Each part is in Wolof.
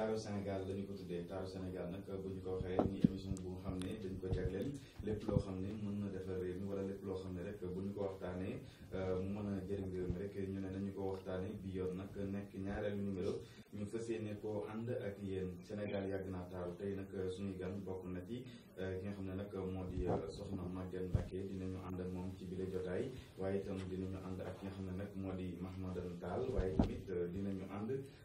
taaru senegal la ko tuddee taaru Sénégal nag bu ñu ko waxee muy émission bu xam ne dañ ko jagleel lépp loo xam ne mën na defar réew mi wala lépp loo xam ne rek bu ñu ko waxtaanee euh, mu mën a ñu ne nañu ko waxtaane bi yoon nag nekk ñaareelu numéro ñu fas yéene ko ànd ak yéen Sénégal yàgg naa taaru tey nag euh, suñuy gan bokk na ci euh, ki nga xam ne nag moo di soxna Maguette Mbacké dinañu ànd ak moom ci bile jotaay waaye itam ñu ànd ak ki xam ne nag moo di Mahmadan Tall waaye tamit dinañu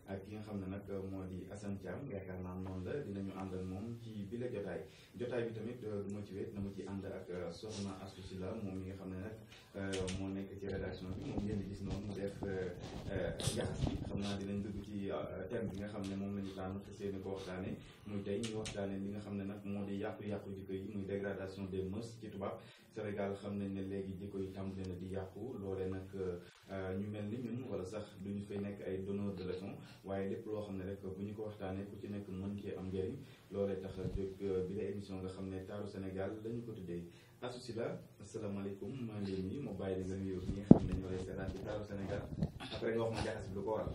ak ki nga xam ne nag moo di Assane Thiam yaakaar naa noonu la dinañu àndal moom ci bile jotaay jotaay bi tamit du ci wéet na ma ci ànd ak euh, soxna Astou la moom mi nga xam ne nag Euh, moo nekk ci rédaction bi moom ngeen di gis noonu mu def jaxas euh, bi euh, xam naa dinañ dugg ci thème bi nga xam ne moom lañu ñu tànn te seeni ko waxtaane muy tey ñu waxtaane li nga xam ne nag moo di yàqu-yàqu di yi muy dégradation des mœurs ci tubaab Sénégal xam nañ ne léegi jikko yi tàmbali na di yàqu loole nag ñu mel ni ñun wala sax du ñu fay nekk ay donneur de waaye lépp loo xam ne rek bu ñu ko waxtaanee ku ci nekk mën cee am njëriñ loolee tax a jóg euh, bi émission nga xam ne taaru senegal lañu ko tuddee Astou Sylla asalaamaaleykum maa ngi leen nii moo bàyyi la nga nuyoo ñi nga xam ne ñoo lay seetaan ci taaru Sénégal après nga wax ma jaxas bi lu ko waral.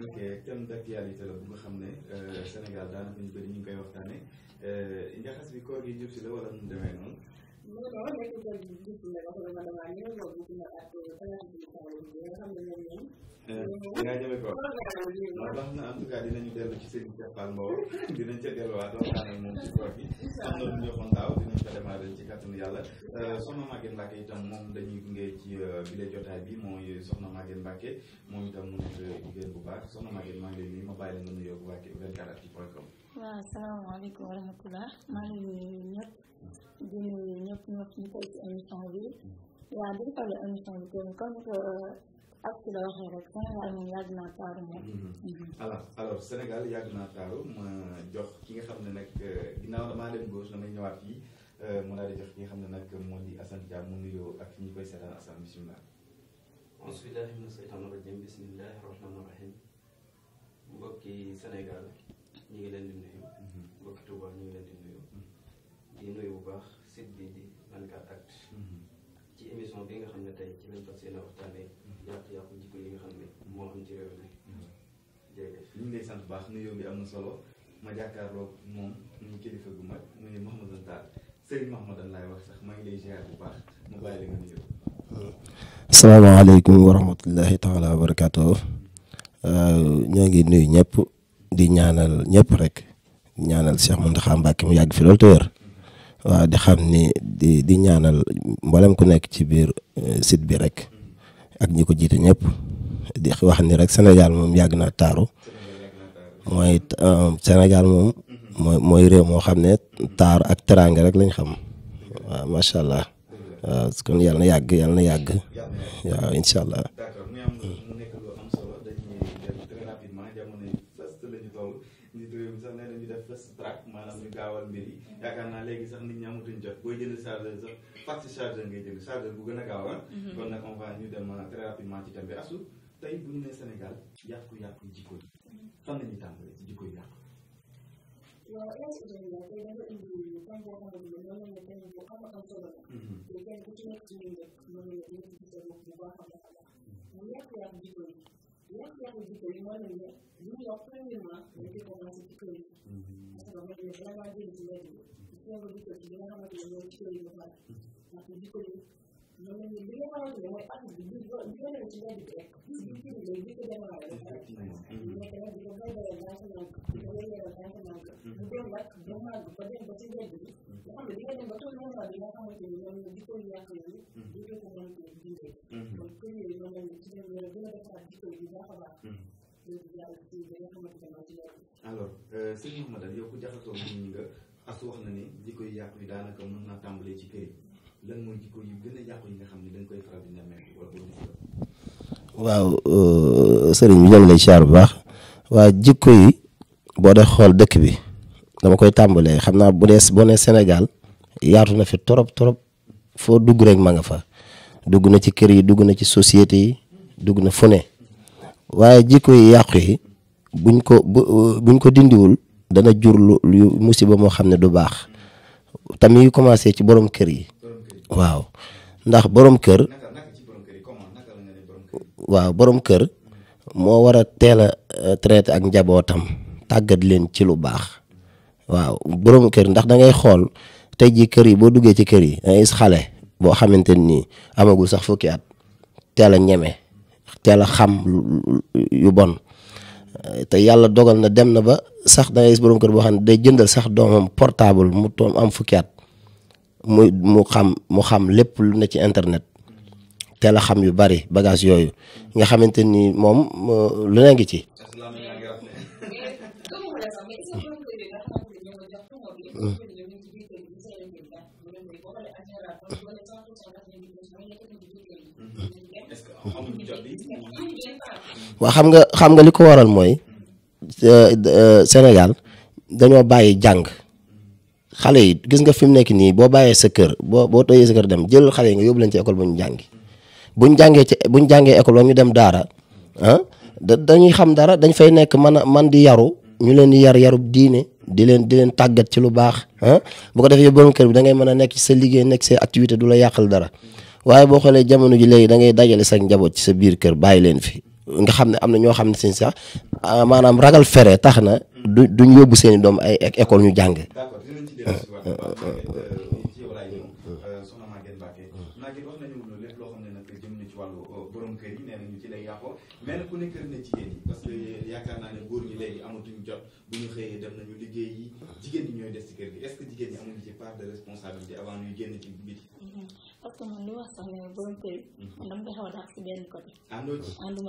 ok thème d'actualité la bu nga xam ne Sénégal Sénégal daanaka ñu bëri ñu ngi koy waxtaanee eh, njaxas bi koor gi jub si la wala nu demee loolu la nga ko ko waaw na en tout cas dinañu dellu ci seen jàppal mbow dinañ ca delluwaat waxtaan moom ci koor gi am na lu ñu waxoon daaw dinañ ko démarré ci kàttanu yàlla soxna Maguette Mbacke itam moom dañuy gunge ci bile jotaay bi mooy soxna Maguette Mbacke moom itam mu nekk jigéen bu baax soxna Maguette maa ngi lay nuyu ma bàyyi la nga nuyoo bu baax 24actu point com. waaw salaamaaleykum wa rahmatulah opportunity ci émission comme que ak si la waxee rek Sénégal moom yàgg naa taaru moom. alors Sénégal yàgg naa taaru ma jox ki nga xam ne nag euh, ginnaaw damaa dem gauche damay ñëwaat fii euh, mu daal di jox ki nga xam ne nag moo di Assane Dia mu nuyoo ak ñu koy seetaan Assane bisimilah. auzu billaahi mina shaytaani rajiim bismillaahi rahmaani rahiim mbokki Sénégal ñu ngi leen di nuyu. Mm-hmm. mbokki Touba ñu ngi leen di nuyu. Mm-hmm. di nuyu bu baax site bi di 24 mm-hmm. ci émission bi nga xam ne tey ci mm-hmm. ne moo am ci réew mi mm-hmm. jërëjëf ñu ngi lay sant baax nuyoo bi am na solo ma jàkkaarloo moom muy laay wax sax maa ngi lay ziar bu baax ma bàyyi la nga nuyoo asalaamaaleykum wa rahmatullahi taala wa barakaatu euh, ñoo ñëpp di ñaanal ñëpp rek ñaanal Cheikh Mountakha Mbacké mu yàgg fi loolu te waaw di xam ni di di ñaanal mboolem ku nekk ci biir eh, site bi rek ak ñi ko jiite ñëpp di wax ni rek Sénégal moom yàgg naa taaru mooy eh, Sénégal moom mooy mooy réew moo xam ne taar ak teraanga rek lañ xam waaw macha allah waaw kon yàlla na yàgg yàlla na yàgg waaw incha allah. yaakaar naa léegi sax nit ñi amatuñ jot booy jënd sax fàcc chargeur ngay jënd chargeur bu gën a gaaw ah. mhm. kon nag on va ñu dem ah, très rapidement ci tambi asu tey bu ñu nee Sénégal yàqu-yàqu jikko fan ne moom la thème bu am am nasıl bir limanını bunu yaptığım liman ülke konusu çıkıyor. Mesela ben de beraber bir limanı. İstanbul'da bir limanı var. Nasıl bir limanı? Şimdi bir yana göre artık bir yöne içinde bir şey. Biz bütün bir bir bir yana göre. Mesela bir yana göre dersen aldık. Bir yana göre dersen aldık. Bu da bak yana bazen basit dedi. Ama bir yana bakın ne var bir yana bakın bir yana bir konu yakıyor. Bir yana bakın bir yana. Bakın bir yana içinde bir yana bir yana bir konu yakıyor. alors sëñ Mouhamadou yow ku jaxasoo nit ñi nga as wax na ni jikko yu yàqu yi daanaka mën naa tàmbalee ci kër yi lan mooy waaw euh, sëriñ bi ñoo ngi lay siyaar bu baax waa jikko yi boo de xool dëkk bi dama koy tàmbalee xam naa bu dee boo nee Sénégal yaatu na fi trop trop foo dugg rek ma nga fa dugg na ci kër yi dugg na ci société yi dugg na fu waaye jikko yi yàqu yi buñ ko euh, buñ ko dindiwul dana jur lu musiba moo xam ne du baax tamit yu commencé ci borom kër yi. waaw ndax borom kër waaw borom kër moo war a teel a euh, traité ak njabootam tàggat leen ci lu baax waaw borom kër ndax dangay xool tey jii kër yi boo duggee ci kër yi da ngay xale boo xamante nii amagul sax fukki at teel a ñeme teel a xam yu bon te yàlla dogal na dem na ba sax da ngay gis kër boo xam ne day jëndal sax doomam portable mu toom am fukki at mu mu xam mu xam lépp lu ne ci internet teel xam yu bari bagage yooyu nga xamante ni moom lu ne ngi ci. waa xam nga xam nga li ko waral mooy euh, euh, Sénégal dañoo bàyyi jàng. xale yi gis nga fi mu nekk nii boo bàyyee sa kër boo boo tëyee sa kër dem jël xale yi nga yóbbu leen ci école bu ñu jàngi buñ jàngee ci buñ jàngee école ba ñu dem daara ah dañuy xam dara dañ fay nekk man a man di yaru ñu leen di yar yarub diine di leen di leen tàggat ci lu baax ah bu ko defee borom kër bi da ngay mën a nekk ci sa liggéey nekk sa activité du la yàqal dara waaye boo xoolee jamono ji léegi da ngay dajale sa njaboot ci sa biir kër bàyyi leen fi nga xam ne am na ñoo xam ne seen sax ah, maanaam ragal fere tax na du duñ yóbbu seen i doom ay école ñu jàng soxna Maguette Mbacké Maguette wax nañu lépp loo xam ne nag jëm na ci wàllu borom kër yi nee nañu ci lay yàqoo mais nag ku ne kër na jigéen yi parce que yaakaar naa ne góor ñi léegi amatuñ jot bu ñu xëyee dem nañu liggéey yi eh. jigéen ñi ñooy des ci kër gi est-ce que jigéen ñi amuñu ci part de responsabilité avant ñuy génn ci biti que man li wax sax ne borom kër mhm. man dama koy xaw a dàq si benn côté. àndoo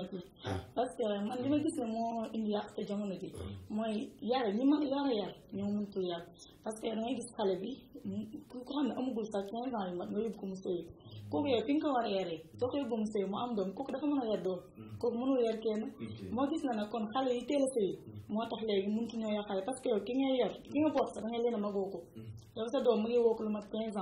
ci ah. parce que man li ma gis ne moo indi yàq te jamono mhm. mooy yàlla ñi ma yàlla yàlla ñoo parce que da gis xale bi ku ko xam ne amagul sax quinze ans yu mat nga yóbbu ko mu sëy mhm. kooku yow fi nga ko war a yaree soo ko yóbbu mu sëy mu am doom kooku dafa mën a yar doom kooku mënul yar kenn moo gis na kon xale yi teel a moo tax léegi mëntu ñoo yar xale parce que ki ngay yar ki nga boot sax da leen a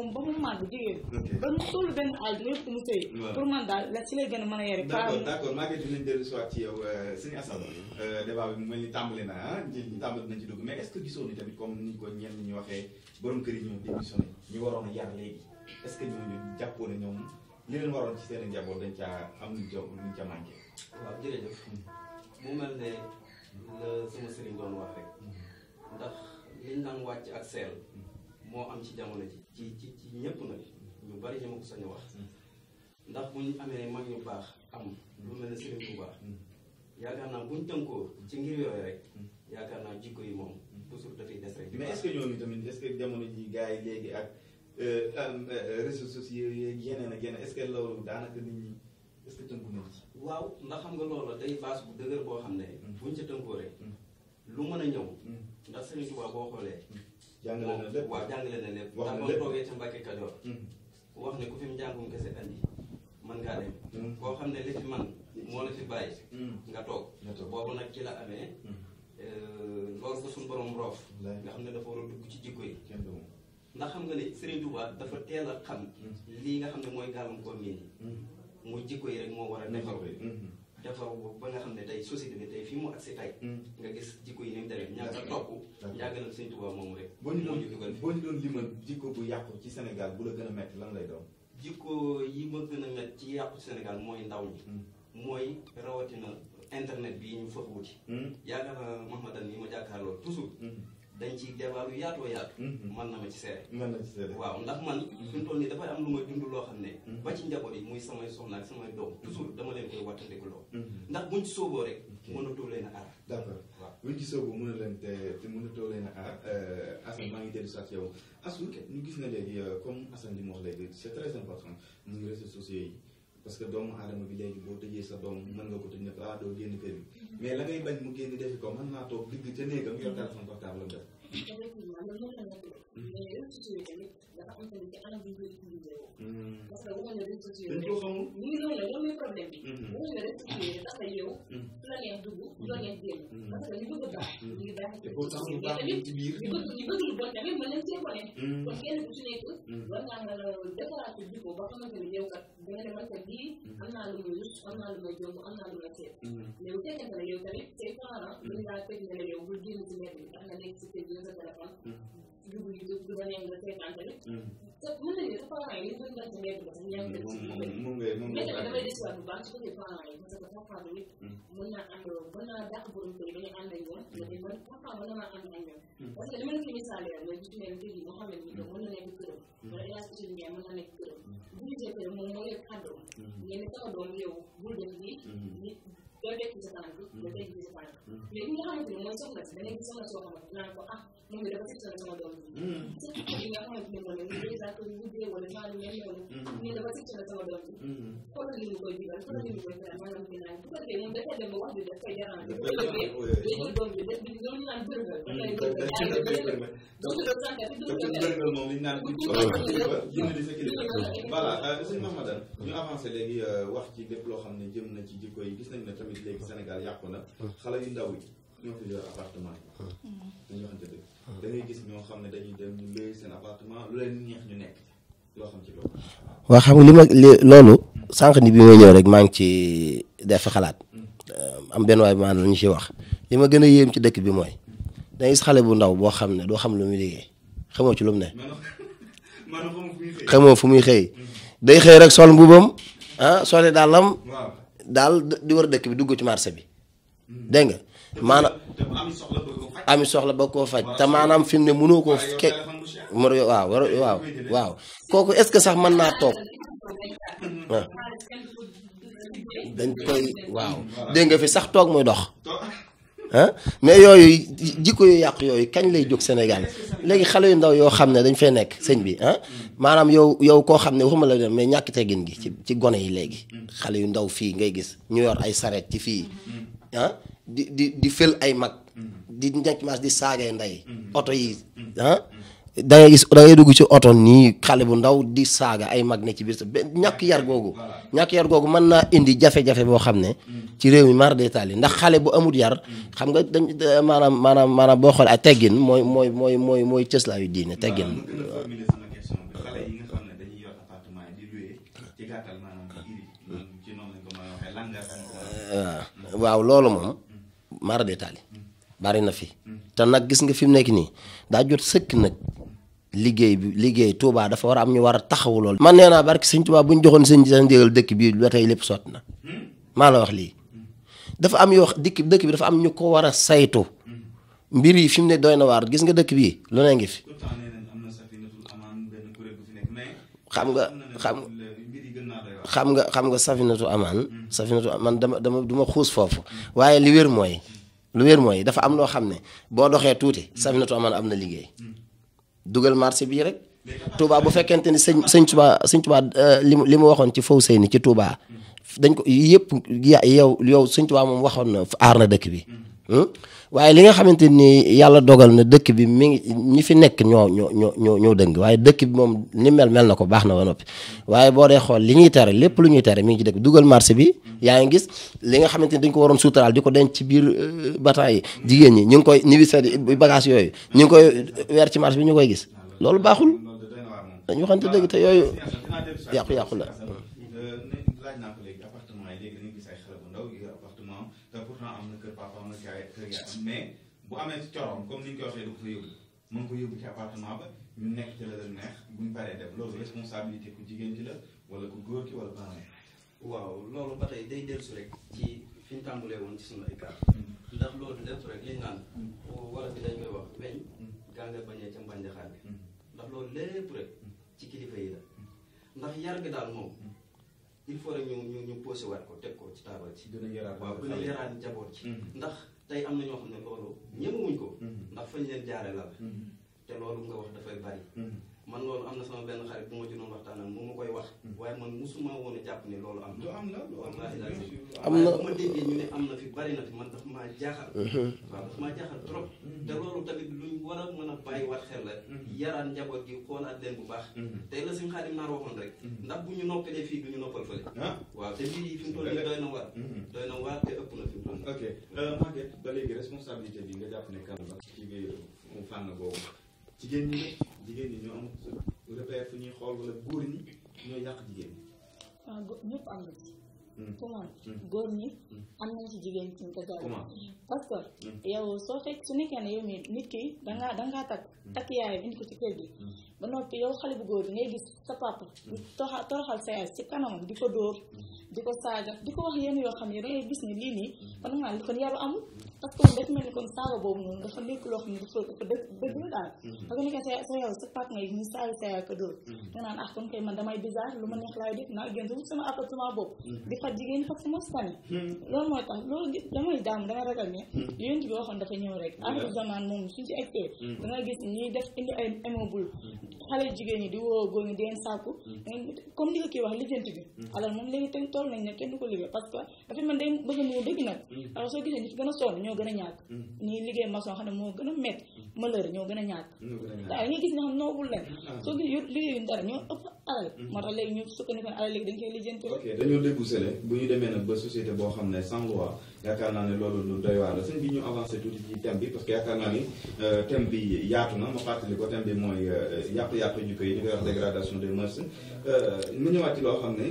doom ba mu màgg jigéen ba mu toll benn âge nga yëpp mu sëy pour man daal la ci lay gën a mën a yore d'accord d'accord maa mu euh, euh, mel ni tàmbali na ah ñi tàmbali nañ ci dugg mais est gisoon ni tamit comme ni ko ñenn ñu waxee borom kër yi ñoom démissionné ñu waroon a yar léegi est-ce que ñooñu jàppoo ne ñoom li leen waroon ci seen njaboot dañ caa am luñ ca luñ ca manqué waaw jërëjëf mu mel ne la sama sëriñ doon wax rek mm-hmm. ndax liñ naan wàcc ak seel moo am ci jamono ji ci ci ci ñëpp nag ñu bari ñama ko sañ wax ndax bu ñu amee mag ñu baax am lu mel ne Serigne Touba yaakaar naa bu ñu tënkoo ci ngir yooyu rek yaakaar naa jikko yi moom toujours dafay des rek. mais est-ce tamit est-ce que jamono ji gars yi léegi ak euh, euh, réseaux sociaux yeeg yeneen ak yeneen est-ce que loolu daanaka nit ñi est tënku nañ ci. waaw ndax xam nga loola day base bu dëgër boo xam ne. Mm. buñ ca tënkoo rek. Mm. lu mën a ñëw. Mm. ndax Serigne Touba boo xoolee. jàngale na lépp waaw jàngale na lépp. wax na lépp ndax boo toogee ca Mbàkke Kajoor mm. wax ne ku fi njàngum kese andi mën ngaa dem. Mm. koo xam ne li fi man moo la fi bàyyi. Mm. nga toog boobu nag ci la amee. Euh, loolu ko suñu borom roof. nga xam ne dafa war a dugg ci jikko yi. ndax xam nga ne Serigne Touba dafa teel a xam. lii nga xam ne mooy gàllankoor nit ñi. muy jikko yi rek moo war a defar. dafa ba nga xam ne tey société bi tey fii mu agsi tey mm. nga gis jikko yi ni mu demee ñàkk a topp ñàggalam sëñ Tuubaa moom rek boo ñu doon boo ñu doon limal jikko bu yàqu ci senegal bu la gën a métti lan lay doon jikko yi ma gën a métti ci yàqu ci mooy ndaw ñi mm. mooy rawatina internet bi ñu fa mm. wuti yaakaar Mahmadan yi ma jàkkaarloo toujours dañ ciy débat lu yaatoo yaatu. Mhm. mën na ma ci seere. mën na ci seere waaw ndax man. fi mu toll nii dafay am lu ma dund loo xam ne. Mhm. ba ci njaboot yi muy samay soxna ak samay doom mhm. toujours dama leen koy wattandiku loo. ndax buñ ci sooboo rek. mënatoo leen a aar. d' accord waaw buñ ci sooboo mën na leen te mënatoo leen a aar euh, ngi dellu si yow Assou ñu gis na léegi euh, comme Assane li mu wax léegi c' est très important réseaux sociaux yi. parce que doomu aadama bi léegi boo tëjee sa doom mën nga ko tëj ne ah doo génn kër mais la ngay bañ mu génn defi ko mën naa toog digg ca néegam yor téléphone portable am la hmm. nga def. mais parce que waxuñu rek ci yow. ñu ngi loolu la loolu mooy problème bi. waxuñu rek ci yow parce que yow. su la neex dugg su la neex génn. parce que ñu bëgg a baax. ñu ngi baax ñu bëgg ci biir. ñu bëgg ñu bëgg lu bon tamit mën nañ cee bone. kon kenn ku ci nekk. war naa nga defaraat sa jikko ba xamante ni yow kat da nga ne man kat lii am naa lu muy rus am naa lu muy jomb am naa lu muy seet. mais bu fekkente ne yow tamit say parents mën ngaa fekk ne la yow bul génn ci mbedd bi ndax nga nekk ci kër gi sa téléphone. dugg yi du ba neex nga seetaan tamit. te mën nañu sa parents yi ñu gën mu ngi mu ngi damay desiwaat bu baax ci côté parents yi parce que parfois tamit mën naa ànd mën naa dàq borom kër yi ba ñu ànd ak ñoom da man parfois mën naa ànd ak ñoom parce que li ma la fi misaalee rek mooy gis ngeen kër yi nga xam ne ni que mën na nekk këram wala yaa ci Ndiaye mën naa nekk këram bu ñu jëkkëram moom moo yor kàddoom ngeen sama doom yow bul def lii doo tekki sa tànk doo tekki sa tànk mais li nga xamante ne mooy soxna si da ngay gis soxna soo xamante dinaan ko ah moom bi dafa tiital sama doom ji li nga xamante ne moom la dèjà ko guddee wala genre mel noonu nii dafa tiital sama doom ji xoolal li mu koy jural xoolal li mu koy faral maanaam dinaa bu ko defee moom dafay dem ba wax bi daf koy déranger bu ko defee day jël doom bi def bi loolu naan bërëbal dafay bërëbal yaa ngi bërëbal donc le sànq dafa dugg bërëbal moom liñ naan génn di sa kilifa voilà sëñ Mamadou ñu avancé léegi wax ci lépp loo xam ne jëm na ci jikko yi gis nañ ne tamit léegi Sénégal yàqu na mm. xale yu ndaw mm. Mm. ñoo xam ne dañuy dem xam ci loolu waaw xam nga li ma loolu sànq ni bi may ñëw rek maa ngi ci def xalaat euh, am benn waay bi maanaam ñu ci wax li ma gën a yéem ci dëkk bi mooy day gis xale bu ndaw boo xam ne doo xam lu muy liggéey xamoo ci lu mu ne xamoo fu muy xëy day xëy rek sol mbubam ah sole daal di war a dëkk bi dugg ci marché bi dégg nga maanaam ami soxla ba koo faj te maanaam fi ne mënoo koo ke waaw waaw waaw kooku est-ce que sax man naa toog ah. dañ koy waaw dégg nga fi sax toog muy dox ah mais yooyu jikko yu yàq yooyu kañ lay jóg Sénégal léegi xale yu ndaw yoo xam ne dañ fee nekk sëñ bi ah maanaam yow yow koo xam ne waxuma la dem mais ñàkk teggin gi ci ci gone yi léegi xale yu ndaw fii ngay gis ñu yor ay sareet ci fii di di di fël ay mag di nekk maas di saagay ndey oto yi da gis da dugg ci oto nii xale bu ndaw di saaga ay mag ne ci biir sa ñàkk yar googu ñàkk yar googu mën naa indi jafe-jafe boo xam ne ci réew mi mar ndax xale bu amul yar xam nga dañ maanaam maanaam maanaam boo xoolee ay teggin mooy mooy mooy mooy mooy cëslaayu diine teggin ah, waaw loolu moom mar hmm. na fi hmm. te nag gis nga fi mu nekk nii daa jot sëkk nag liggéey bi liggéey Touba dafa war a am ñu war a taxawu lool. man nee naa barke sëñ Touba bu ñu joxoon sëñ sa ndégal dëkk bi ba tey lépp sotti na maa la wax lii dafa am yoo dëkk dëkk bi dafa am ñu ko war a saytu yi fi mu ne doy na waar gis nga dëkk bii lu ne ngi fi. xam nga xam nga xam nga safinatu amaan safinatu amaan dama dama duma xuus foofu waaye li wér mooy lu wér mooy dafa am loo xam ne boo doxee tuuti safinatu amaan am na liggéey dugal marché bii rek Touba bu fekkente ni sëñ sëñ Touba sëñ Touba euh, li mu li mu waxoon ci faw sëy ni ci Touba dañ ko yëpp yow yow sëñ Touba moom waxoon na aar na dëkk bi hmm? waaye li nga xamante ni yàlla dogal na dëkk bi mi ngi ñi fi nekk ñoo ñoo ñoo ñoo ñoo dëng waaye dëkk bi moom ni mel mel na ko baax na ba noppi waaye boo dee xool li ñuy tere lépp lu ñuy tere mi ngi ci dëkk dugal marché bi yaa ngi gis li nga xamante ni dañ ko waroon suutaraal di ko denc ci biir euh, bataay yi jigéen ñi ñu ngi koy niwi sadi bagage yooyu ñu ngi koy weer ci bi ñu koy gis loolu baaxul dañu waxante dëgg te yooyu yàqu-yàqu la euh, yaatu mais bu amee ci corom comme ni ñu ko waxee du ko fa yóbbu mën ko yóbbu ci appartement ba ñu nekk ci la leen neex buñ paree def loolu responsabilité ku jigéen ci la wala ku góor ki wala parent waaw loolu ba tey day dellusi rek ci fi ñu tàmbalee woon ci sunu ay kaar mm. ndax loolu dellusi rek liñ naan mm. wala bi dañ wax weñ mm. gaa nga bañee ca mbanjaxaar bi ndax loolu lépp rek ci kilifa yi la ndax yar bi daal moom il faut rek ñu ñu ñu posé waat ko teg ko ci taabal ci gën a yaraat tey am na ñoo xam ne loolu ñemewuñ ko. Mm-hmm. ndax fañ leen jaare la mm-hmm. te loolu nga wax dafay bari. Mm-hmm. man loolu am na sama benn xarit bu ma ci doon waxtaanal mu ma koy wax. Hmm. waaye man musuma woon a jàpp ne loolu am na. am na am na waaye bu ma déggee ñu ne am na fi bari na fi man dafa maa jaaxal. Hmm. waaw dafa maa jaaxal trop. Hmm. te loolu tamit luñ war a mën a bàyyiwaat xel la. yaraan njaboot gi xoolaat leen bu baax. tey la suñu xaadim naar waxoon rek. ndax bu ñu noppalee fii du ñu noppal fële. Ah. waaw te lii fi mu toll nii doy na waar. doy na waar te ëpp na fi mu toll. ok euh, Maguette ba léegi responsabilité bi nga jàpp ne kan la ci biir fànn boobu jigéen ñi ne jigéen ñi ñoo am repère fu ñuy xool wala góor ñi ñooy yàq jigéen ñi. ah ci. Hmm. comment ko hmm. gaaw hmm. parce que yow soo fekk su nekkee ne yow mii nit ki dangaa dangaa takk takk yaayam indi ko ci kër gi ba noppi yow xale bu góor bi ngay gis sa papa di toroxal sa yaay si kanamam di ko dóor di ko saaga di ko wax yenn yoo xam ne dangay gis ni lii nii kon nga kon yaru amul parce que dafa mel ni kon saaga boobu noonu dafa nekk loo xam ne dafa mm-hmm. sa sa yow sa pàcc ngay ñu saaga sa yaay ko lu ma neex laay def naa génn sama appartement boobu. Mm-hmm. di faj jigéen faj sama sani. Mm-hmm. loolu mooy tax loolu damay daam dama ragal ne. yéen bi waxoon dafa ñëw rek. aaxiru zamaan da ngay gis ñuy def indi ay immeuble. xale jigéen ñi di woo góor ñi di sàkku. comme li ko kii wax lijjanti bi. alors moom léegi tamit toll nañ ne kenn du ko liggéey parce dafa mel day bëgg a dëgg nag. alors soo gisee nit gën a sonn ñoo a ñàkk mm. ñii liggéey maçon xam ne moo gën a métti mm. malheur ñoo gën a ñàkk waaye nga gis ñoo xam noobul leen ah. soo gis yu liggéeyuñ dara ñoo ëpp alal mm. moo tax léegi ñu sukkandikoon boo xam ne sans loi naa ne loolu lu doy bi ñu avancé tuuti ci thème bi parce que yaakaar naa ni euh, thème bi yaatu na ma fàttali ko thème bi mooy euh, yàqu-yàqu ñu koy dégradation des mœurs euh, mu ñëwaat ci loo xam ne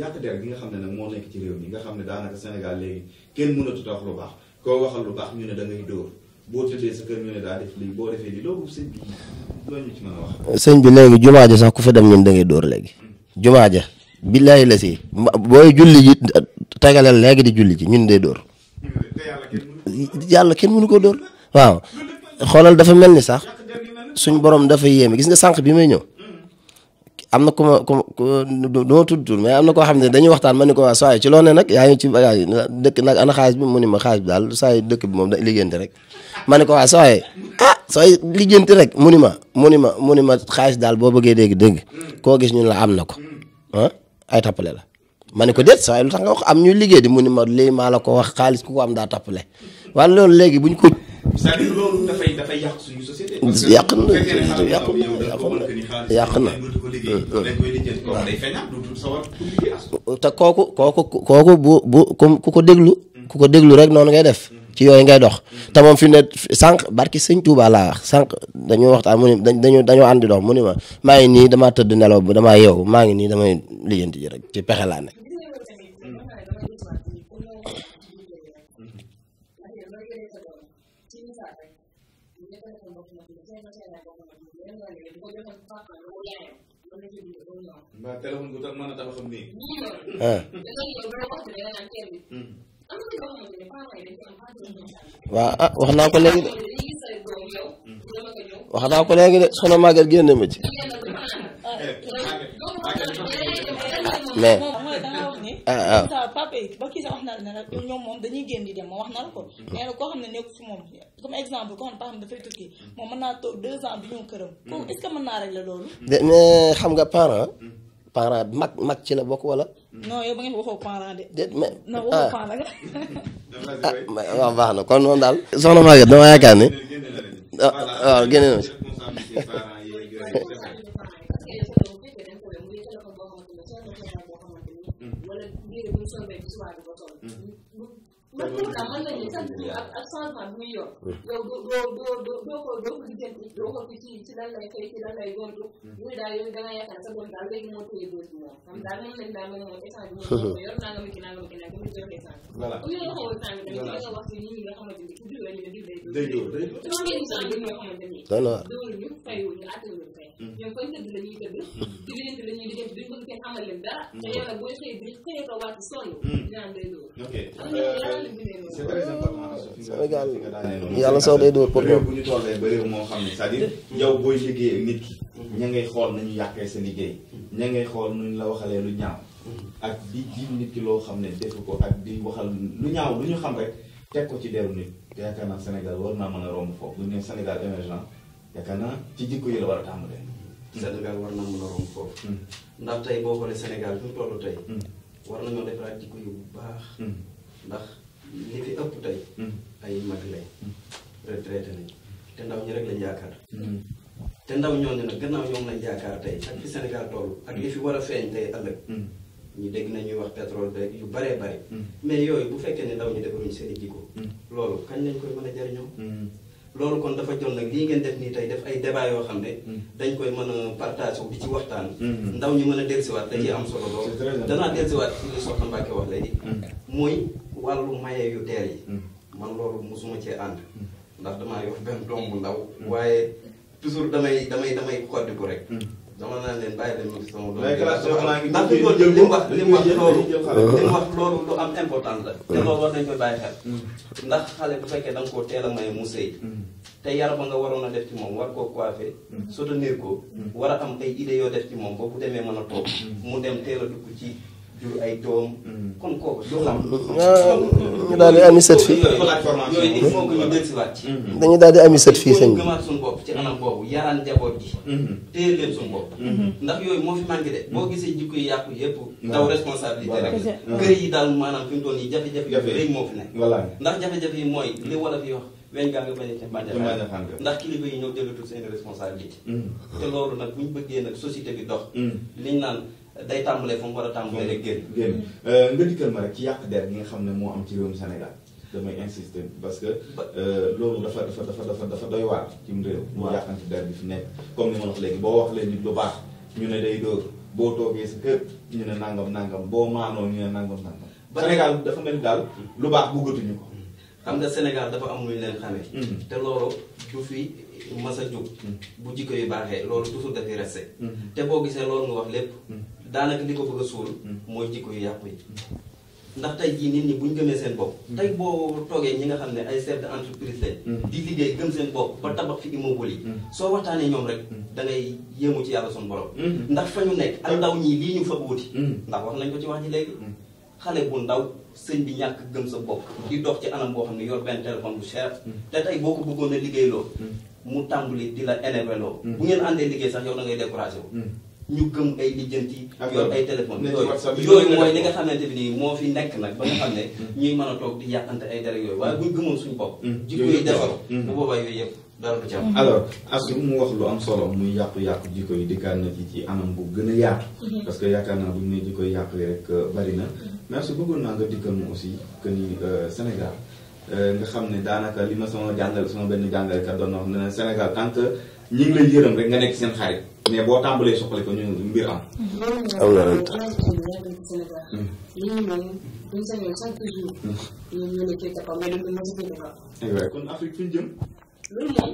yàq der gi nga xam ne nag moo nekk ci réew mi nga xam ne daanaka Sénégal léegi kenn mënatu tax lu baax koo da boo tëddee ne daa def sëñ bi léegi jumaa sax ku fa dem ñun da dóor léegi. Hmm. jumaa billaay la si booy julli ji tegaleel léegi di julli ji ñun day dóor. yàlla kenn mënu koo dóor. waaw xoolal dafa mel ni sax suñ borom dafa yéeme gis nga sànq bi may ñëw. am na ko ma ku ma mais am na koo xam ne dañuy waxtaan ma ni ko waa saa ci loo ne yaa ngi ci bagage dëkk nag ana xaalis bi mu ni ma xaalis bi daal saa dëkk bi moom da liggéeyante rek ma ni ko waa saa ah rek mu ni ma mu ni ma mu ni ma xaalis daal boo bëggee dégg dégg koo gis ñun la am na ko ah ay tappale la. ma ne ko déet saa lu tax am ñu liggéey di mu ni ma lii maa la ko wax xaalis ku ko am daa tappale wala loolu léegi buñ ko. yàq na yàq na yàq na te kooku kooku kooku bu bu ku ko déglu ku ko déglu rek noonu ngay def ci yooyu ngay dox te moom fi ne sànq barki sëñ Touba laa wax sànq dañoo waxtaan mu ni dañu dañoo àndi dox mu ni maa ngi nii damaa tëdd nelaw bi damaa yeewu maa ngi nii damay lijjanti ji rek ci pexe laa nekk kuleta kwamba a tax waaw ah ko léegi de wax naa ko léegi de soxna Maguette génn ma ci ah, waaw papa yi ba kii wax na la ñoom moom dañuy génn di dem ma wax na ko nee mm. na koo xam ne dafay tukki moom mën naa toog deux bi ñëw këram mm. est-ce que mën naa régler loolu mais xam nga parent parent mag ci la bokk wala mm. non ba ngeen waxoo parent de déet waxoo ah. parent ah waaw baax na kon noonu daal soxna Maguette dama yaakaar ne ah, waaw génne na man pour que mën nañu sant bi ak ak changement bi muy yor. yow doo doo doo doo ko doo ko lijjanti doo ko ci ci lan lay xëy ci lan lay gontu. muy daal yooyu da nga yaakaar sa bopp daal léegi moo tëye doo ci moom. xam daal moom lañ daal moom moom échange bi moom yor naa nga ma ci naa nga ma ci naa nga ma ci yor échange. voilà bu ñu la waxoon temps bi tamit li nga wax ci ñun ñi nga xamante ni ku jur la ñu ne day doo. day doo day doo. sama ngeen échange bi ñoo xamante ni. voilà dóor ñu fay wuñu àtte wuñu fay. ñoom fañ tëdd la ñuy tëdd. ci biir bi la ñuy def duñ bëgg kenn amal leen dara. te yow nag booy xëy bi xëyee ko wàcc sonn. ñu naan day dóor. ok Sénégal yàlla sax day doo pour réew bu ñu tollee ba réew moo xam ne c'est-à-dire yow booy liggéey nit ki ña ngay xool nañu yàqee sa liggéey ña ngay xool nuñ la waxalee lu ñaaw ak di jiim nit ki loo xam ne def ko ak di waxal lu ñaaw lu ñu xam rek teg ko ci deru nit yaakaar naa senegal war naa mën a romb foofu bu ñu nee Sénégal ci jikko yi la a tàmbalee hmm. Sénégal war naa hmm. ndax tey boo xoolee Sénégal fi toll tey hmm. war nañoo defaraat jikko yu bu baax ndax li fi ëpp tey. Hmm. ay mag lañ. Hmm. retraité nañ te ndaw ñu rek lañ yaakaar. Hmm. te ndaw ñooñu nag gannaaw ñoom lañ yaakaar tey ak fi Sénégal toll ak li fi war a feeñ tey ëllëg. ñu dégg nañuy wax pétrole beeg yu baree bare. mais yooyu bu fekkee ne ndaw ñi defaruñ seen i jikko. loolu kañ lañ mën a jariñoo. loolu kon dafa jot nag lii ngeen def nii tey def ay débat yoo xam ne. dañ koy mën a partage di ci waxtaan. ndaw ñi mën a dellusiwaat da ciy am solo lool. danaa dellusiwaat ci li Soxna Mbacke wax léegi. mooy. wàllu maye yu teel yi hmm. man loolu mosuma cee ànd hmm. ndax damaa yor benn doom bu ndaw hmm. waaye toujours damay damay damay xoddiku rek dama naan leen bàyyi leen ci sama doom ndax li mu wax li mu wax am important la te loolu war nañ koy ndax xale bu fekkee da nga koo teel a maye mu te yar ba nga waroon a def ci moom war koo so soutenir ko war a am ay idées yoo def ci moom boo ko demee mën a to mu dem teel a dugg ci jur ay doom. Mm. kon kooku du xam. Ah, ñu daal di ami sët fii. yooyu il faut que ci. Mm-hmm. dañu daal di ami sët fii sëñ bi. bopp ci anam boobu yaraan njaboot gi. Mm-hmm. téye leen suñu mm-hmm. ndax yooyu moo fi manqué de boo gisee jikko yi yàqu yëpp. daw responsabilité rek. kër yi daal maanaam fi mu toll nii jafe-jafe yu rëy moo fi nekk. ndax jafe-jafe yi mooy li wolof yi wax. weñ gaa nga bañ a ca mbàjjaxaan ndax kilifa yi ñoo jëlatul seen responsabilité. te loolu nag bu bëggee nag société bi dox. liñ naan day tàmbalee fu mu war a tàmbalee rek génn. génn mm. euh, nga dikkal ma rek ci yàq der gi nga xam ne moo am ci réewum Sénégal damay insister parce que euh, loolu dafa dafa dafa dafa dafa doy waar ci réew. waaw yàqante der bi fi nekk comme ni ma wax léegi boo wax leen nit lu baax ñu ne day dóor boo toogee sa kër ñu ne nangam nangam boo maanoo ñu ne nangam nangam. Sénégal dafa mel daal mm. lu baax bëggatuñu ko. Mm. xam nga Sénégal dafa am lu ñu leen xamee. te loolu du fi mas a jóg. bu jikko yu baaxee boo gisee loolu nga daanaka li ko bëgg a mm. mooy jikko yu yàqu yi. ndax tey jii nit ñi buñ ñu gëmee seen bopp. Mm. tey boo toogee ñi nga xam ne ay chef d'entreprise lañ. Mm. di liggéey gëm seen bopp ba tabax fi immeuble yi. soo waxtaanee ñoom rek. da ngay ci yàlla suñu borom. ndax fa ñu nekk ak ndaw ñi lii ñu fa wuti. ndax wax nañ ko ci wax ji léegi. xale bu ndaw sëñ bi ñàkk gëm sa bopp. di dox ci anam boo xam ne yor benn téléphone bu cher. te tey boo ko bëggoon a liggéeyloo. mu tàmbali di la énervé loo. bu ngeen àndee liggéey sax yow da ngay ñu gëm ay lijjanti ak yor ay téléphone yooyu mooy li nga bi moo fi nekk nag ba nga xam ne mm. a ay dara yooyu waaye buñ gëmoon suñu bopp mm. jikko yi defar mm. bu boobaa yooyu yëpp dara ko mm-hmm. mu wax lu am solo muy yi dikkaat na ci bu gën a yaatu mm-hmm. parce que yaakaar naa buñ ne jikko yàqu yi rek euh, bari na merci mm-hmm. bëggoon que ni euh, Sénégal euh, nga xam ne daanaka li ma sama jàngal sama benn jàngalekat doon wax ne Sénégal tant que ñi ngi lay yërëm rek nga nekk seen xarit mais boo tàmbalee soxla ko ñu mbir am. am na rëdd. kon Afrique fi ñu jëm. loolu moom.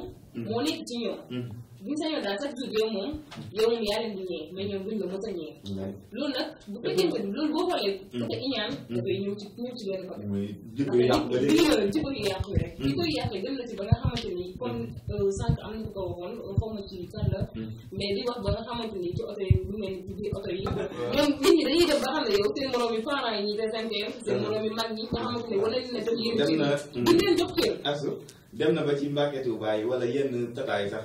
moo nekk ci ñoom. Hmm. buñ sañoon daal chaque jour yow moom yow moom yaa leen di ñee mais ñoom buñ la mës a ñee loolu nag bu fekkente mm. mm. mm. ni ba nga xamante euh, di wax yi bu mel ni ci yi ñoom wala dem na ba ci mbàkketu baay wala yenn tataay sax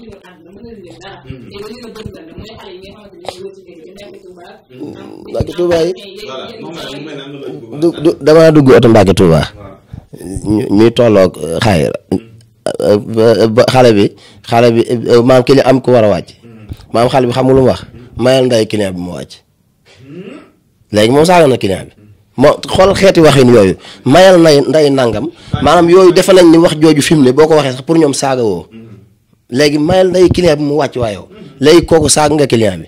àdduna mën na leen dara. te ngi gën xale du du damaa dugg oto Mbacke Touba. ñu tolloog euh, xayra. Euh, xale bi xale bi euh, maam kii am ku war a wàcc. maam xale bi xamul lu mu wax. mayal nday client bi mu wàcc. léegi moom saaga na client bi. moo xool xeeti waxin yooyu mayal nday nday nangam. maanaam yooyu defe nañ ni wax jooju fi mu ne boo ko waxee sax pour ñoom saaga woo. léegi mayal day client bi mu wàcc waayoo léegi kooku saag nga client bi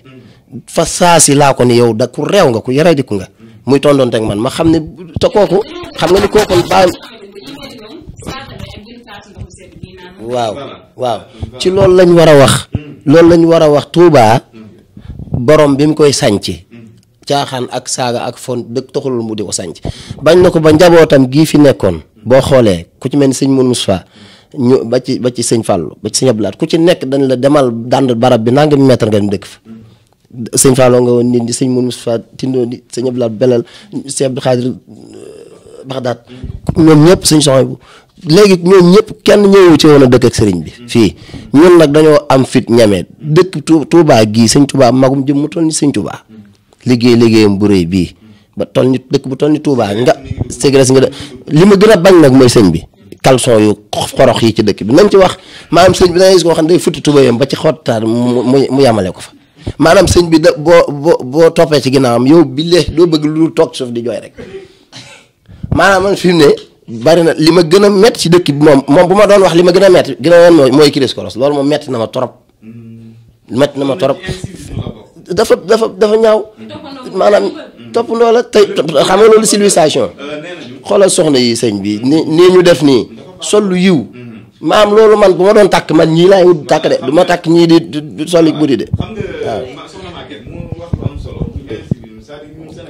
fa saa si laa ko ni yow da ku réew nga ku yara diku nga muy tontonte ak man ma xam ne te kooku xam nga ni kooku waaw waaw ci loolu lañ war a wax loolu lañu war a wax Touba borom bi mu koy sànci caaxaan ak saaga ak fon dëkk taxulul mu di ko sànci bañ na ko ba njabootam gii fi nekkoon boo xoolee ku ci mel ni sëñ Moustapha ñu ba ci ba ci sëñ Fallou ba ci sëñ Abdoulaye ku ci nekk dañ la demal dànd barab bi nangam mètre nga dem dëkk fa. sëñ Fallou nga woon nit ñi sëñ Mourou Moustapha Tindoo di sëñ Abdoulaye Belal sëñ Abdou Khadir euh, Baxdaat ñoom ñëpp sëñ léegi ñëpp kenn ñëwu ci woon dëkk sëriñ bi. fii ñun nag dañoo am fit ñame dëkk tu Touba gii sëñ Touba magum jëm mu toll ni sëñ Touba liggéey liggéeyam bu rëy bii ba toll ni dëkk bu toll ni Touba nga. sëñ nga li ma gën a bañ nag mooy sëñ bi. caleçon yu xorox yi ci dëkk bi nañ ci wax maanaam sëñ bi da ngay gis koo xam ne day futti tubéyam ba ci xottaar mu mu yamale ko fa maanaam sëñ bi da boo boo boo toppee ci ginnaawam yow bi lee doo bëgg lu toog suuf di jooy rek maanaam man fi ne bari na li ma gën a mett ci dëkk bi moom moom bu ma doon wax li ma gën a métti gën a woon mooy mooy Chris Koros loolu moom mett na ma torop métti mm. na ma torop dafa dafa dafa ñaaw maanaam toppandoo la tey xam nga loolu civilisation euh, xoolal soxna yi sëñ bi ni nii ñu def nii sol lu yiw mhm. maam loolu man bu ma doon tàkk man ñii laay wut tàkk de du ma takk ñii di soli guddi de waaw.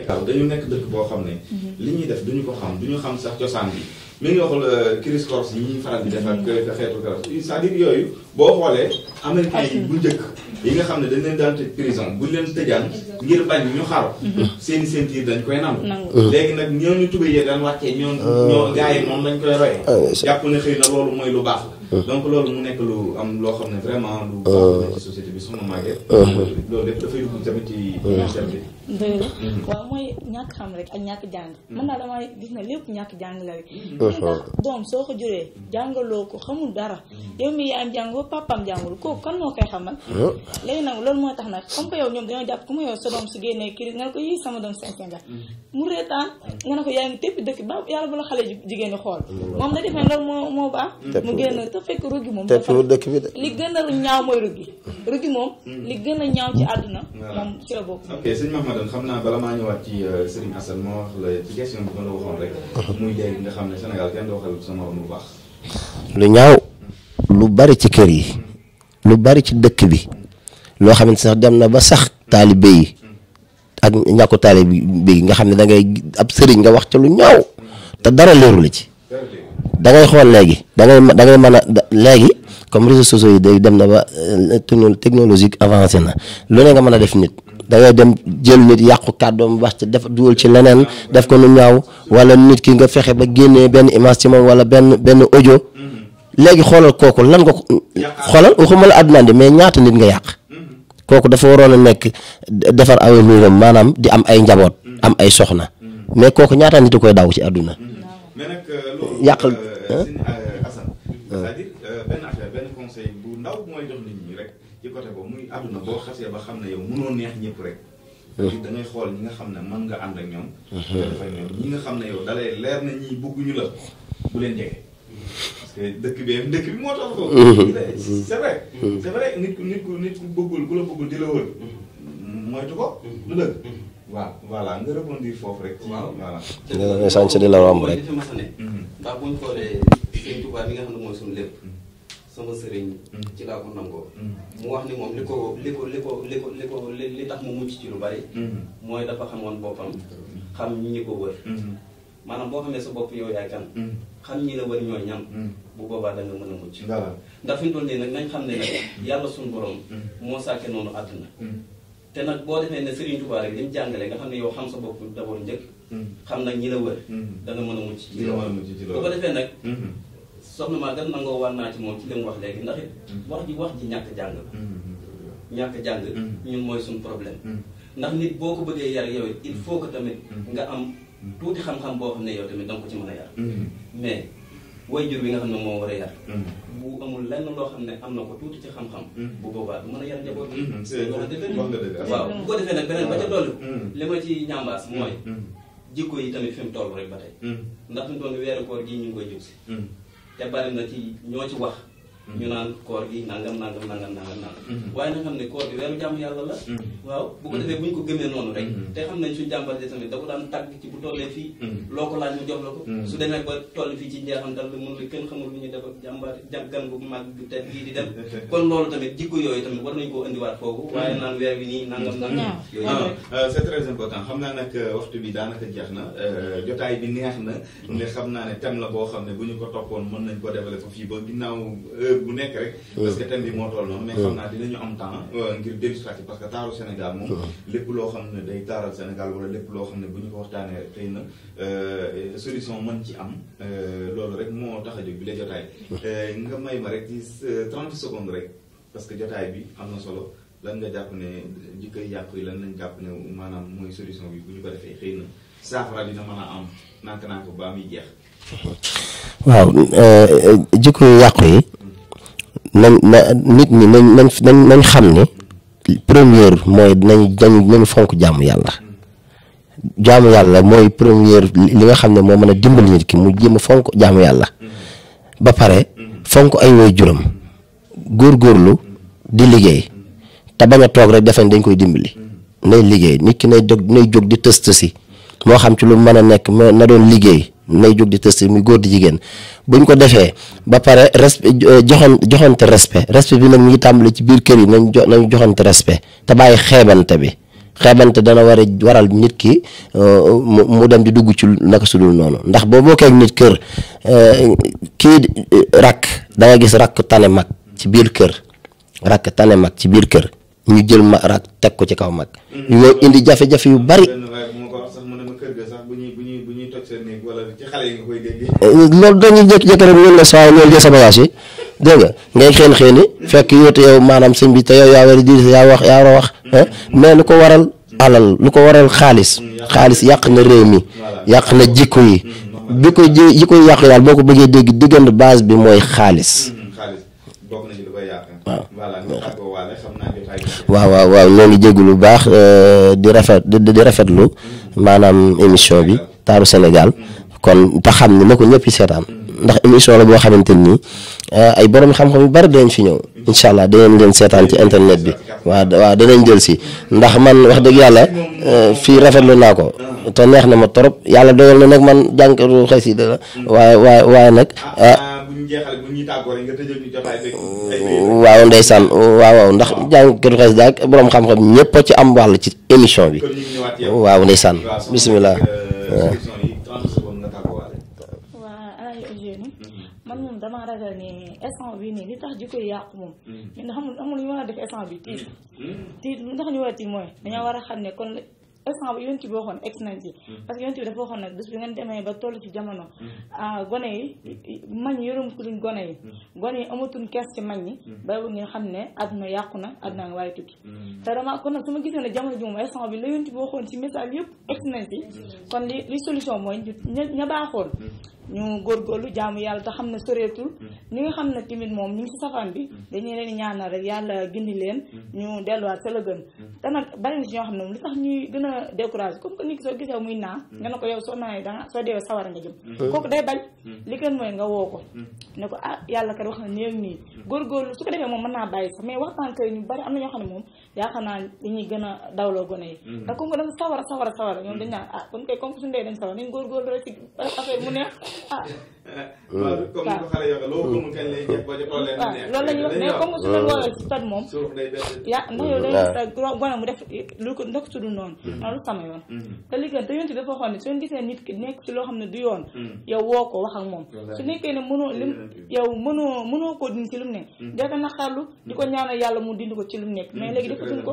Euh, dañu nekk dëkk boo xam ne mhm. li ñuy def duñu ko xam duñu xam sax cosaan bi. li ñuy wax le euh, criss cross yi faral di def ak euh, xeetu cross cest à yooyu boo xoolee américains yi bu njëkk yi nga xam ne dañ leen daan tëj prison buñ leen tëjaan ngir bañ ñu xaru seeni ceinture dañ koy nangu léegi nag ñoo ñu tubéy yee daan wàccee ñoo ah. ñoo gars yi moom dañ koy royee ah, jàpp ne xëy na loolu mooy lu baax la ah. donc loolu mu nekk lu am loo xam ne vraiment lu baax la ci société bi sunu màggee loolu lépp dafay dugg tamit ci bi dëgg la mm-hmm. waaw mooy ñàkk xam rek ak ñàkk jàng man daal damaa gis ne lépp ñàkk jàng la rek mm-hmm. ndax doom soo ko juree jàngaloo ko xamul dara mm-hmm. yow mi yaayam jàngoo papaam jàngul kooku kan moo koy xamal léegi nag loolu moo tax na comme que yow ñoom dañoo jàpp comme yow sa doom su génnee crise nga ne ko yii sama doom cinq cinq mu reetaan nga ne ko yaa ngi téppi dëkk ba yàlla bu la xale jigéen di xool moom da defee loolu moo moo baax mu génn te fekk ruggi moom dëkk bi de li a a madame xam euh, ma la waxoon rek. Mhm. lu ñaaw lu bari ci kër yi lu bari ci dëkk bi loo xamante sax dem na ba sax taalibe yi ak ñàkku taalibe yi nga xam ne da ngay ab sëriñ nga wax ca lu ñaaw te dara leeru la ci da xool léegi da ngay da ngay a léegi. comme réseaux sociaux yi day dem na ba euh, technologique avancé na lu ne nga mën a def nit da ngay dem jël nit yàqu kàddoom wax ci def dugal ci leneen def ko nu ñaaw wala nit ki nga fexe ba génnee benn image ci moom wala benn benn ojo léegi xoolal kooku lan ko xoolal waxuma la àdduna di mais ñaata nit nga yàq kooku dafa waroon a nekk defar awe niiram maanaam di am ay njaboot am ay soxna mais kooku ñaata nit koy daw ci àdduna euh, yàqal euh, ndaw mooy jox nit ñi rek ci côté boobu muy àdduna boo xasee ba xam ne yow mënoo neex ñëpp rek. da xool ñi nga xam ne mën nga ànd ñoom. nga xam ne yow leer na ñi bëgguñu la bu leen jege. parce que dëkk bi dëkk bi moo tax ko. c'est vrai. c'est nit ku nit ku nit ku la bëggul di la wër. moytu ko. du dëgg. waaw voilà nga rebondir foofu rek. waaw voilà. nga nga sànq di la romb rek. sama sëriñ mm. ci laa ko nangoo mm. mu wax ni moom li ko li ko li ko li ko li ko li tax mu mucc ci lu bari mm. mooy dafa xamoon boppam xam ñi ko wër maanaam boo xam ne sa bopp yow yaay kan xam ñi la wër ñooy ñan bu boobaa da nga mën a mucc ndax fi mu toll nii nag nañ xam ne nag yàlla suñu borom moo sàkke noonu àdduna te nag boo defee ne Serigne Touba rek li mu jàngale nga xam ne yow xam sa bopp d'abord njëkk xam nag ñi la wër da nga mën a mucc ci loolu bu ko defee nag mm-hmm. soxna Maguette nangoo waan naa ci moom ci li wax léegi ndax it mm. wax ji wax ji ñàkk jàng la mm-hmm. ñàkk jàng mm-hmm. ñun mooy suñu problème mm-hmm. ndax nit boo ko bëggee yar yow il faut que tamit nga am tuuti xam-xam boo xam ne yow tamit danga ko ci yar mais wayjur bi nga xam ne moo war a loo xam ne am na ko tuuti ci xam-xam bu boobaa du mën a waaw bu ko defee nag beneen ba ca dolli li ci ñambaas mooy jikko yi tamit fi mu toll rek ba tey ndax fi mu toll weeru koor gii ñu si te bari na ci ñoo ci wax Mm-hmm. ñu naan koor gi nangam nangam nangam nangam mm-hmm. waaye na xam ne koor gi weeru jàmm yàlla la mm-hmm. waaw bu ko defee bu ñu ko gëmee noonu rek te xam nañ suñu jàmbar ji da ko daan tàgg ci bu tollee fii loo ko laaj mu jox la ko su demee ba toll fii ci njeexantal la mun ñu def ak jàmbar jàggan bu mag te di dem kon loolu tamit jikko yooyu tamit war nañu koo indiwaat foofu waaye naan weer wi nii nangam nangam yooyu ah, euh, c'est xam naa nag euh, waxtu bi daanaka jeex na euh, jotaay bi neex na nga xam naa ne thème la boo xam ne bu ñu ko toppoon mën nañ ko développé fii ba ginnaaw heure bu nekk rek. parce que thème bi moo toll noonu. mais xam naa dinañu am temps euh, ngir dellu si parce que taaru Sénégal moom. lépp loo xam ne day taaral Sénégal wala lépp loo xam ne bu ñu ko waxtaanee xëy na euh, solution mën ci am euh, loolu rek moo tax a bi la jotaay. nga may ma rek ci 30 secondes rek parce que jotaay bi am na solo. lan nga jàpp ne jikko yàqu yi lan nañ jàpp ne maanaam mooy solution bi bu ñu ko defee xëy na saafara dina mën a am nànk nànk ba muy jeex. waaw jikko yàqu yi nañ na nit ñi nañ nañ nañ xam ne première mooy nañ nañ fonk jaamu yàlla jaamu yàlla mooy première li nga xam ne moo mën a dimbali nit ki mu jéem a fonk jaamu yàlla ba pare fonk ay woy juram góorgóorlu di liggéey te bañ a toog rek defe dañ koy dimbali nay liggéey nit ki nay jóg nay jóg di tëst si moo xam ci lu mën a nekk na doon liggéey nay jóg di tester muy góor di jigéen buñ ko defee ba pare respect joxon joxante respe respect bi nag mu ngi tàmbali ci biir kër yi nañ jo nañ joxante respe te bàyyi xeebante bi xeebante dana war a waral nit ki euh, mu dem di dugg ci naka su dul noonu ndax boo bokkee ak nit kër euh, kii euh, rakk da nga gis rakk tane mag ci biir kër rakk tane ci biir kër ñu jël ma rakk teg ko ci kaw mag. ñoo mm-hmm. indi jafe-jafe yu bari toog eh, loolu dañuy jékki-jékki ñun la saa yi ñoom jël sa bagage yi dégg ngay xeen xeeni fekk yoote yow maanaam sëñ bi te yow yaa war a diir yaa wax yaa war a wax eh? mais lu ko waral alal lu ko waral xaalis mm, xaalis yàq na réew mi yàq na jikko yi mm, bi ko ji yi koy yàq daal boo ko bëggee dégg diggante base bi mooy xaalis. Mm, waaw waaw waaw waaw ñoo ngi jégalu bu baax euh, di rafet di lu maanaam émission bi. taaru Sénégal kon te xam ni na ko ñëpp seetaan ndax émission la boo xamante ni euh, ay borom xam-xam yu bari dinañ fi ñëw incha allah dinañ leen seetaan ci internet bi waaw waaw dinañ jël si ndax man wax dëgg yàlla euh, fii rafetlu naa ko neex na ma trop yàlla dogal na nag man jànkatu xasida la waaye waaye waaye nag. Euh, waaw ndeysaan waaw waaw ndax jànkatu xasida ak borom xam-xam ñëpp ci am wàll ci émission bi waaw ndeysaan bisimilah. waaw El Hadj Ousseynou man moom damaa ragal ne instant bii nii li tax jikko yi yàqu moom. mais xam nga amul a def instant bi tiit. tiit lu tax ñu war a mooy dañoo war a xam ne instant bi yonent bi waxoon ex nañ ci mm-hmm. parce que yonent bi dafa waxoon nag bés bi ngeen demee ba toll ci jamono mm-hmm. ah, gone yi mañ yërëmtuñ gone yi mm-hmm. gone yi amatuñ kees ci mañ ñi bàyyiwul ngeen xam ne àdduna yàqu na àdduna nga waaye tukki te dama kon nag su ma gisee ne jamono ji moom bi la yonent bi waxoon ci message yëpp ex nañ kon li li solution mooy ña baaxoon ñu góorlu jaamu yàlla te xam ne soreetul mm. ñi nga xam ne timit moom ñu ngi si safaan bi mm. dañuy leen ñaanal rek yàlla gindi leen mm. ñu delluwaat sa la gën te nag bari na si ñoo xam ne lu tax ñuy gën a découragé comme que nit ki soo gisee muy naa nga ne ko yow soo naanee danga soo deewee sawara nga jëm kooku day bañ li gën mooy nga woo ko ne ko ah yàlla kat wax na néeg nii góorgóorlu su ko defee moom mën naa bàyyi sax mais waxtaan kay ñu am na ñoo xam ne moom yaakaar naa dañuy gën a dawloo gone yi mhm. ndax comme que dafa sawar a sawar a sawar ñoom dañ naan ah kon kay comme que suñu dee dañ sawar nañ góorgóorlu rek ci mu neex ah Euh, waaw comme ni ko xale yoo xam loo gëmul kañ lay jeex ba joxoon la ñuy wax su doon moom yaa ndax yow da gone mu def lu ko ndak sudul noonu noonu sama yoon te li gën te yonti dafa xool ne soo gisee nit ki nekk ci loo xam ne du yoon mm-hmm. yow woo ko wax ak moom su nekkee ne mënoo lim yow mënoo mënoo koo dindi ci lu mu nekk mm-hmm. dee ko naqarlu di ko mm-hmm. ñaanal yàlla mu dindi ko ci lu nekk mais léegi defatuñ ko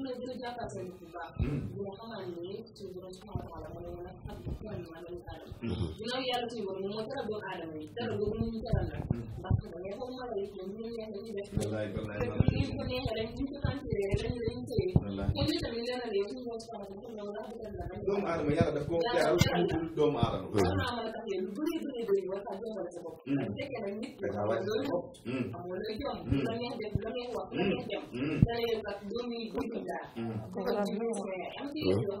Mm. xam ni suñu borom subhanahu wa taala mooy mën a xam man maa doomu aadama. ginnaaw yàlla suñu borom moom moo tëral doomu aadama yi tëral boobu ñu tëral nag. ndax da ngay foog mala yi ñoom ñu neex dañuy def. wallaay wallaay wallaay te ñu ko neexee rek ñu ko sentiree dañu dañu tëye. wallaay kon ñu tamit nee na leen suñu borom subhanahu wa taala moom laa ko tëral nag. doomu aadama yàlla daf koo jaaral suñu doomu aadama. waaw maa mën a tax leen lu bëri bëri bëri war saa jëmbale sa bopp. ndax fekkee nag nit ki war loolu bopp. amoo lay jom. la neex def la neex wax la neex jëm. da ngay kat doomu yi bëgg daal. am ci yoo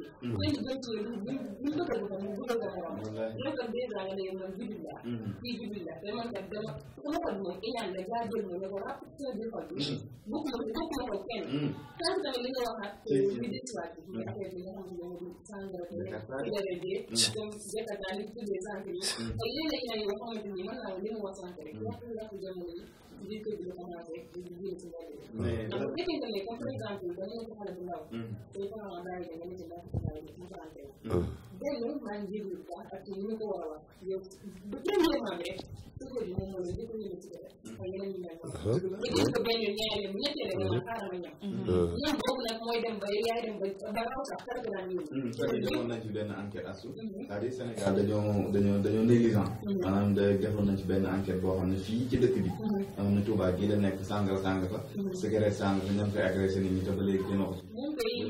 koyin mm. da to yi mun ka gaba mun gura ga haram mun ka bai zanga da yamma bidilla bi bidilla sai man da kuma ka mu ina da gaje mu ne gora ko da ba mu ko ko ko ko ken kan da mun ga ha to bi da tuwa da ya ke da mun da mun san da ko da da da don da ka da ni ku da zanga ne ayyana ina yi wa kuma mun na wani mu wasan kare ko da ku da mu biir kër gi la commencé di jëlee si mbedd bi. ndax bu fekkee ne comme par exemple da nga nekk xale bu ndaw. tey parents bàyyi la nga nekk ci benn xale bu trente ans. benn maa ngi jéggi quoi ak ñu ko war a wax yow bu premièrement rek sukkand bi moom moo di njëkk a ñëw ci dara. kon yeneen ñu mel noonu. dëgg la ko benn ñaareel ak ñetteel ak ñoom xaaral ma ñam. ñam boobu nag mooy dem ba yaay dem ba ba raw sax kàr grand yooyu. tey defoon nañ ci benn enquête asu. c'est-à-dire Sénégal dañoo dañoo dañoo négligent. maanaam day defoon nañ ci benn enquête boo xam ne fii ci dëkk bi. am na Touba gii la nekk sàngal sàng fa. secret sàng fa ñoom koy agressé nit ñi te ba léegi gënoo ko.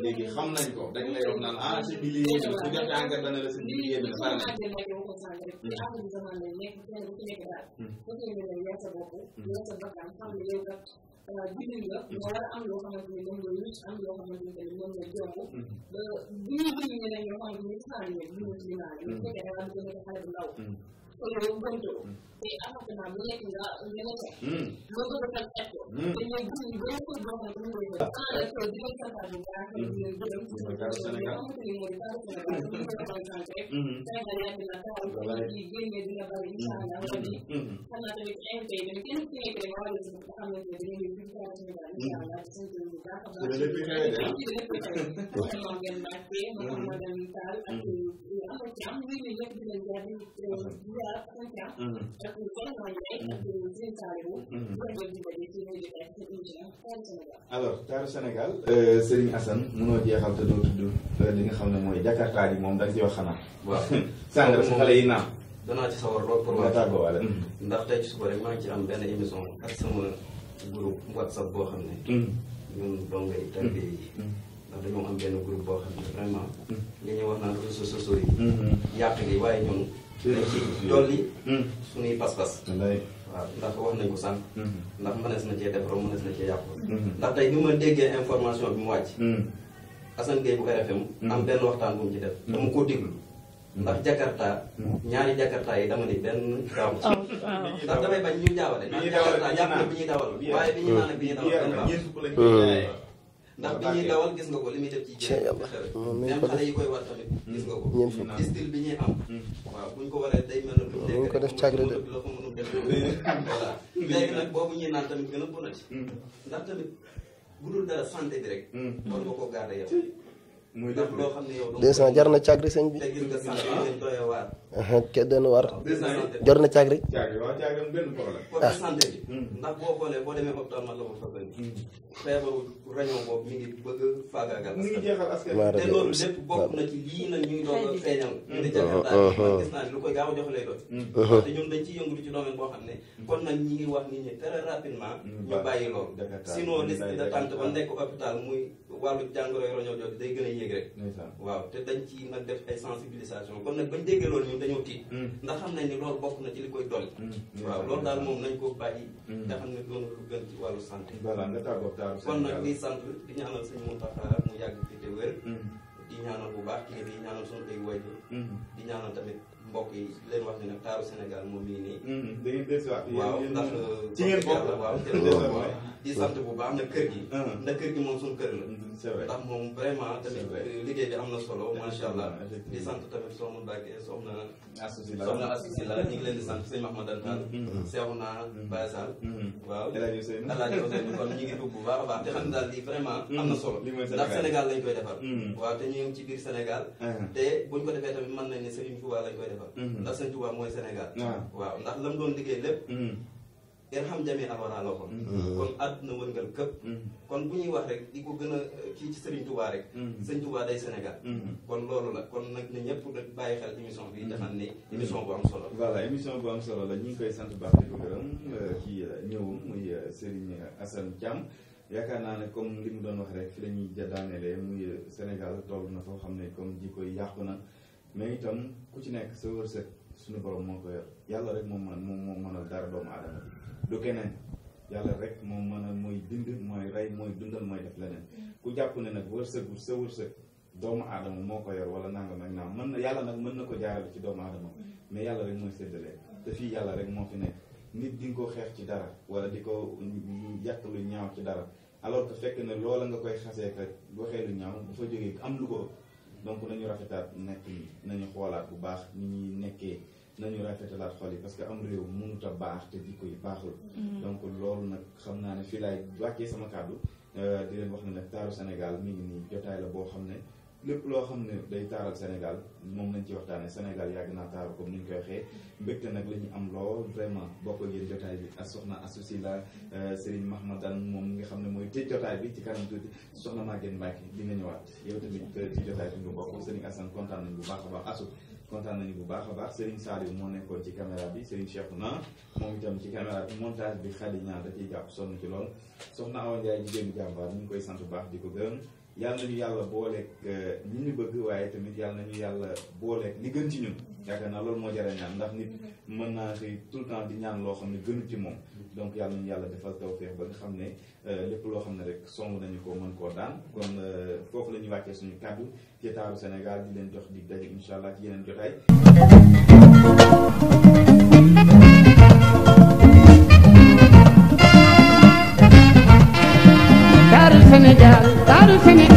léegi xam nañ ko dañ lay wax naan ah ci bi lii su defee enquête rek dana la si biir yéen a. faral di nekk yow ko sànq rek. ci àll bi zaman la nekk kenn ku ci nekk daal. bu fekkee ne yaa sa bopp. yaa sa bakkan xam ne yow kat jullit nga. nga war a am loo xamante ni moom la wut am loo xamante ni moom la jomb. ba bu ñuy julli ñeneen ñoo xamante ni saa ñu nekk ñu ngi ci naan. bu fekkee da ngaa gën a xale bu ndaw. yow gëntoo te appartement bu nekk nga nga ne tey loo bëgg a faj faj ko te ñoom gis ñu bëri ko boo xam ne ñu koy def sans rek di leen santaat bu baax di leen gërëm di leen xamante ni mooy baax Sénégal di leen defal sant rek Sénégal yàgg na taxaw ci di génne dina bari incha allah rabbi xam naa tamit invité yi tamit kenn ku nekk rek war na si nga xamante ne dañuy ñëw fii ci Sénégal incha allah sant bu baax a baax lépp tey lépp tey moom ngeen baaxee moom madame Tall ak am na jàmm ñu ñëpp di leen jaar di sarrafa kanta da kuma kwanwa ne da kuma te doo tudd euh, li xam ne mooy Jakarta yi moom da nga ci wax xanaa. waaw sànq rek xale yi naam. danaa ci sawar lool pour wax tàggoo waale mm-hmm. ndax tey ci suba rek maa ngi ci benn émission ak sama groupe WhatsApp boo xam ne. Mm-hmm. ñun donga yi tarbe mm-hmm. yi. ndax dañoo am benn groupe boo xam ne vraiment. li wax naan réseaux sociaux yi. yàq gi waaye ñun. dinañ ci dolli suñuy pas-pas waaw ndax wax nañ ko sànq mhm. ndax mënees na cee defaroo mënees na cee yàqu mhm. ndax tey ni ma déggee information bi mu wàcc mhm. Assane Gueye bu RFM am benn waxtaan bu mu ci def dama ko déglu ndax jakarta ñaari jakarta yi dama ni benn oh, jakarta jàpp na bi ñuy dawal ndax bi ñuy dawal gis nga ko li muy def ci jigéen même xale yi koy war tamit gis bi ñuy am mm. waaw buñ ko waree day mel ne duñ ko def càgre de la ko mënul a mm. mm. nga ko garder yow muy jarna loo xam na càgg bi. ci lii mm. boo xam ne. kon nag ñi ngi wax nit ñi très rapidement. Mm. ñu bàyyi loolu. sinon liste d'attente ba nekk hôpital muy wàllu jàngoro roñoo jooju day gën a yéeg rek waaw te dañ ci nag def ay sensibilisation kon nag bañ déggee loolu ñun dañoo tiit mm. ndax xam nañ ni loolu bokk na ci li koy dolli mm. Mm. waaw loolu daal moom nañ ko bàyyi te xam ne doon lu gën ci wàllu santé kon nag di sant di ñaanal sëñ Mountakha mu yàgg fi te di ñaanal bu baax kilifa yi ñaanal suñu ay waajur di ñaanal tamit mbokk yi leen wax ne nag taaru Sénégal moom mii nii. Mm-hmm. waaw ndax. Euh, waaw di bu baax na kër gi. Mm-hmm. ndax kër gi moom suñu kër la. Mm-hmm. ndax moom vraiment tamit euh, liggéey bi am na solo macha allah. di sant tamit soxna Mbacke soxna. la ñu ngi leen di sant sëñ Mahmadan Tall. Seexuna Baye Sall. waaw El na solo. Sénégal lañ koy defar. waaw te ñu ngi ci biir Sénégal. Uh-huh. te buñ ko defee tamit mën nañ ne Serigne Touba lañ koy defar fa mhm. ndax sëñ Tuubaa mooy Sénégal ah. waaw ndax lam doon liggéey lépp ngeen mhm. xam jamee alwara mhm. kon àdduna wërngal këpp kon bu ñuy wax rek di ko gën a eh, kii ci Serigne Touba rek Serigne Touba day Sénégal kon loolu la kon nag na ñëpp rek bàyyi xel émission bi te xam ne bu am solo la ñu ngi koy sant baax di ko gërëm eh, ci eh, ñëwum muy Serigne Assane Thiam yaakaar naa ne comme li mu doon wax rek fi la ñuy muy Sénégal toll na foo xam ne comme ji yàqu na mais itam ku ci nekk sa wërsëg suñu borom moo ko yor yàlla rek moom man moom moo a dara doomu aadama bi du keneen yàlla rek moom a mooy dind mooy rey mooy dundal mooy def leneen ku jàpp ne nag wërsëgu sa wërsëg doomu aadama moo ko yor wala nangam ak naam mën na yàlla nag mën na ko jaarale ci doomu aadama mais yàlla rek mooy séddale te fii yàlla rek moo fi nekk nit di nga ko xeex ci dara wala di ko yàq lu ñaaw ci dara alors que fekk ne loola nga koy xasee ka waxee lu ñaaw am lu ko donc nañu rafetaat nekk yi nañu xoolaat bu baax ni ñuy nekkee nañu rafetalaat xool yi parce que am réew mënut a baax te jikko yi baaxul mm-hmm. donc loolu nag xam naa ne fii laay wàccee sama kàddu euh, di leen wax ne nag taaru Sénégal mi ngi nii jotaay la boo xam ne lépp loo xam ne day taaral Sénégal moom lañ ci waxtaanee Sénégal yàgg naa taaru comme ni ñu koy waxee mbégte nag la ñu am lool vraiment bokk ak yéen jotaay bi ak soxna associé la euh, Serigne Mahmadan moom nga xam ne mooy tëj jotaay bi ci kanam soxna Maguette Mbacke di nga ñëwaat yow tamit euh, ci jotaay bi nga bokk Serigne Assane kontaan nañu bu baax a baax asu kontaan nañu bu baax a baax Serigne Saliou moo nekkoon ci caméra bi Serigne Cheikh na moom itam ci caméra bi montage bi xali ñaar da ciy jàpp sonn ci lool soxna Awa Ndiaye jigéen jàmbaar ñu ngi koy sant bu baax di ko yàlla nañu yàlla boo ñi euh, ñu bëgg waaye tamit yàlla nañu yàlla boo li gën ci ñun yaakaar naa loolu moo jar a ndax nit mën naa xëy tout temps di ñaan loo xam ne gënu ci moom donc yàlla nañu yàlla defal tawfeex ba nga xam ne euh, lépp loo xam ne rek song nañu ko mën koo daan kon euh, foofu la ñuy wàccee suñu kàddu ci taaru Sénégal di leen jox di daje incha allah ci yeneen jotaay how to finish